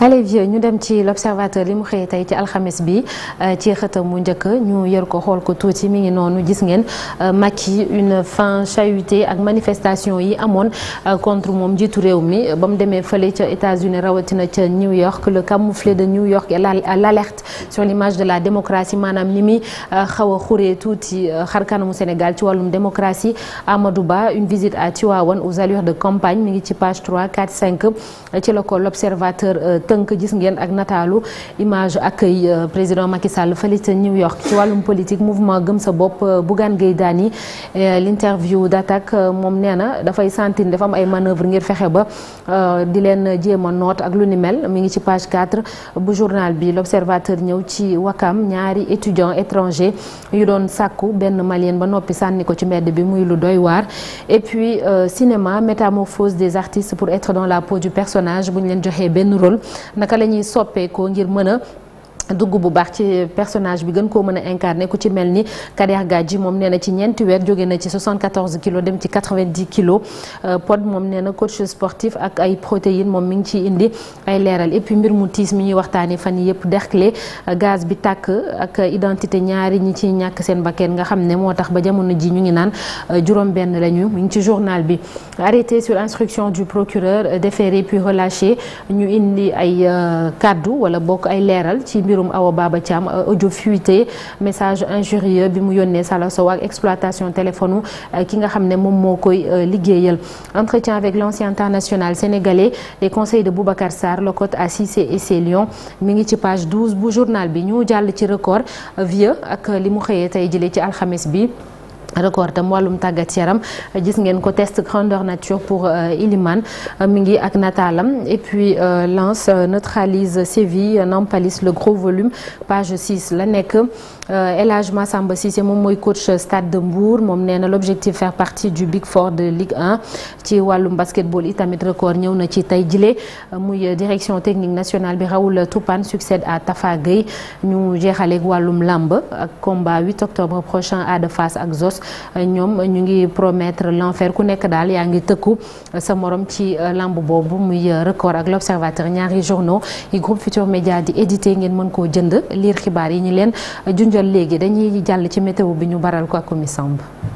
allez ñu dem ci l'observateur li mu xëyee tey ci alxames bi euh, ci xëtam mu njëkk ñu yër ko xool ko tuuti mi ngi noonu gis ngeen euh, Macky une fin chahutée ak manifestation yi amoon euh, contre moom jiitu réew mi ba mu demee fële ca États-Unis rawatina ca New York le camouflet de New York la l'alerte sur l'image de la démocratie maanaam ni muy xaw a xuree tuuti xar Sénégal ci wàllum démocratie Amadou Ba une visite à Tivaouane aux allures de campagne mi ngi ci page 3 4 5 ci tënk gis ngeen ak nataalu image ak euh, président Macky Sall fële ca New York ci wàllum politique mouvement gëm sa bopp euh, Bougane Gueye Dany euh, l'interview d'attaque moom nee na dafay santine dafa am ay manœuvre ngir fexe ba di leen jéem a noot ak lu ni mel mi ngi ci page 4 bu journal bi l'observateur ñëw ci Wakam ñaari étudiants étrangers yu doon sàkku benn malien ba noppi sànni ko ci mbedd bi muy lu doy waar et puis cinéma métamorphose des artistes pour être la peau du personnage bu ñu leen joxee benn rôle naka la ñuy soppeekoo ngir mëna dugg bu baax ci personnage bi gën koo mën a incarné ku ci mel ni Kader ji moom nee na ci ñeenti weer jóge na ci 74 kilos dem ci 90 kilos euh, Pod moom nee na coach sportif ak ay protéines moom mi ngi ciy indi ay leeral et puis mbir mu tiis mi ñuy waxtaanee fan yëpp Derklé euh, gaz bi tàkk ak identité ñaari ñi ci ñàkk seen bakkeen nga xam ne moo tax ba jamono ji ñu ngi naan euh, juróom-benn lañu mu ngi ci journal bi. arrêté sur instruction du procureur déféré puis relâché ñu indi ay kaddu wala bokk ay leeral mbirum Awa Baba Thiam euh, audio fuité message injurieux bi mu yónnee Sala Sow ak exploitation téléphone euh, ki nga xam ne moom moo koy euh, liggéeyal entretien avec l'ancien international sénégalais les conseils de Boubacar Sarr Locotte à Cissé et ses Lions mi ngi ci page 12 bu journal bi ñu jàll ci record vieux ak li mu xëyee tey jëlee ci alxames bi record tam wàllum tàggat yaram gis ngeen ko test grandeur nature pour euh, Iliman euh, mi ngi ak nataalam et puis euh, Lens neutralise Séville Nampalis le gros volume page la nekk El Hadj si Cissé moom mooy coach Stade de Mbour moom nee na l'objectif faire partie du Big Four de Ligue 1 ci wàllum basketball itamit record ñëw na ci tey jile muy direction technique nationale bi Raoul Toupane succède à Tafa Gueye ñu jeexaleeg wàllum làmb ak combat 8 octobre prochain à d Fass ak ñoom ñu ngi promettre l'enfer ku nekk daal yaa ngi tëkku sa morom ci euh, lamb boobu muy euh, record ak l'observateur ñaari journaux yi groupe Futur Média di édité ngeen mën koo jënd liir xibaar yi ñu leen euh, junjal léegi dañuy jàll ci météo bi ñu baral ko ak Oumy Samb